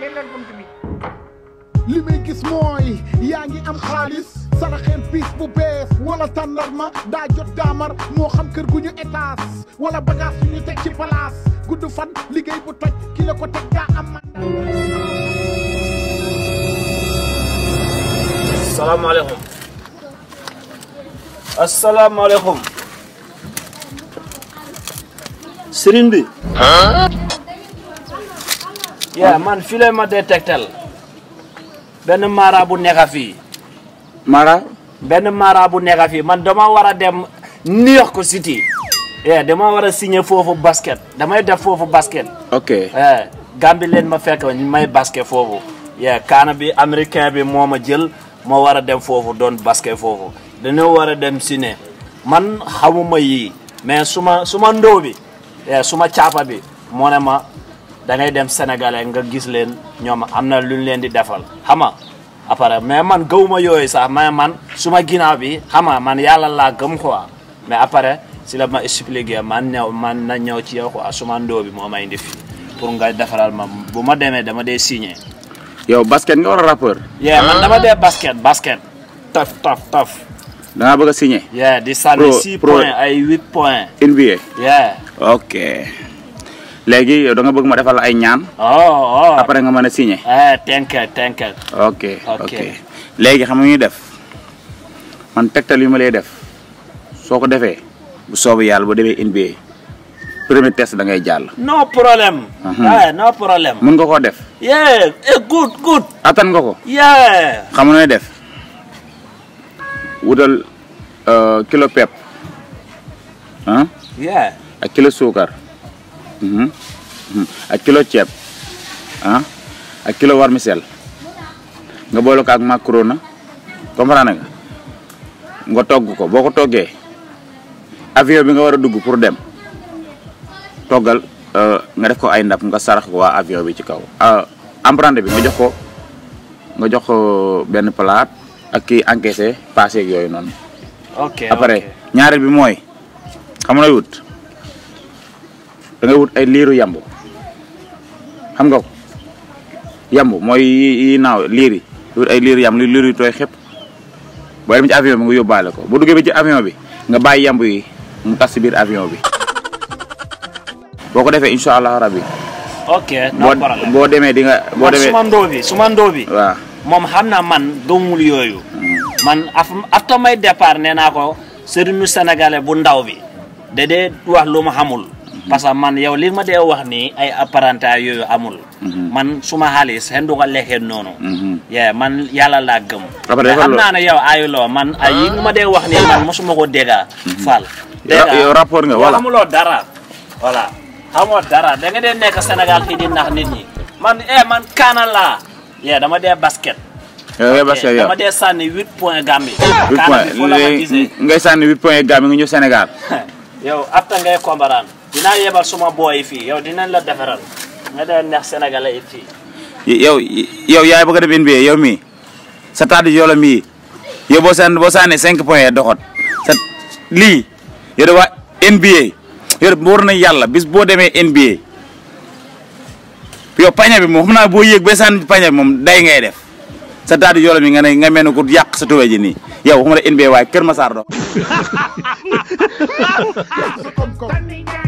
leen leen gis mooy yaa ngi am xaalis saraxeen piis bu bees wala tàndarma daa jot daamar moo xam kër gu ñu étage wala bagage suñu teg ci place gudd fan liggéey bu toj ki ko teg daa am man asalaamaaleykum asalaamaaleykum sëriñ bi yaa man fii lay ma dee benn mara bu nekk fii. mara. benn mara bu neexa fii man dama war a dem New York City. yaa dama war a signé foofu basket damay def foofu basket. ok Gambie leen ma fekk may basket foofu. yaa kaana bi américain bi moo ma jël moo war a dem foofu doon basket foofu dañoo war a dem signé man xamuma yi mais suma suma ndóo bi suma caapa bi da ngay dem sénégalais nga gis leen ñoom am na lu leen di defal xam nga après mais man gawuma yooyu sax mais man suma ginnaaw bi xam man yàlla laa gëm quoi mais après si la ma expliqué man ñëw man na ñëw ci yow quoi suma ndoo bi moo may indi fi pour nga defaral ma bu ma demee dama dee signé. yow basket nga war a rappeur. yeah man ah. dama dee basket basket. taf taf taf. da ngaa di sànni six points ay huit points. NBA. yeah. ok. léegi yow da bëgg ma defal ay ñaan. oh oh après nga mën a signé. Eh, tënkal tënkal. ok ok léegi xam nga ñuy def man tegtal yu ma lay def soo ko defee bu soobu yàlla bu demee NBA premier test da ngay jàll. no problème. Mhm. Eh, mun nga koo def. yeah eh, good good. attan nga ko. yeah. xam nga nooy def wutal euh, kilo pepp ah. kilo suukar. Mhm. Mhm. ak kilo ceeb ah ak kilo vermicelle nga boole ko ak macaroni comprendre nga nga togg ko boo ko toggee avion bi nga war a dugg pour dem toggal euh, nga def ko ay ndap nga sarax ko waa avion bi ci kaw ah, emprunté bi nga jox ko nga jox ko euh, benn palaat ak kii encaissé passé ak yooyu noonu. ok ñaareel bi mooy xam nga wut. da ngay wut ay liiru yamb xam nga ko yamb mooy yi naaw liir yi wut ay liiru yamb li liir yu tooy xëpp boo demee nga yóbbaale ko bu duggee ba ci avion bi nga bàyyi yamb yi mu tas biir avion bi boo ko defee incha allah rabbi ok boo demee di nga. boo demee man suma bi ndoo bi. xam na man gëmul yooyu. Hmm. man af afta may départ nee naa ko sëriñu sénégalais bu ndaw bi da dee wax lu xamul. parce que man yow li ma dee wax nii ay apparentage yooyu amul. Mhm. man suma xaalis xen du ko noonu. Mhm. yee man yàlla laa gëm. xam man ay yi ma dee wax nii man mosuma ko dégg mhm. Fall. yow rapport nga voilà amuloo dara. voilà dee nekk Sénégal fii di nax nit ñi man eh man kaana laa yee dama dee basket. yooyu basket yow dama dee sànni huit point Gambie. huit point ngay sànni huit point Gambie nga ñëw Sénégal. yow afta ngay comparaan. dinaa yebal suma booy fii yow dina la defaral nga dee neex Sénégalais yi fii. yow yow yaay bëgg a def NBA yow mii sa taatu yoo la mii yow boo saan boo saanee cinq points doxot lii yow da waa NBA yow wóor na yàlla bis boo demee NBA yow paña bi moom xam naa boo yéeg ba saan moom day ngay def sa taatu yoo la nga ne nga mel ne ko yàq sa tubaab ji nii yow xam nga NBA waaye Kër Massar dox.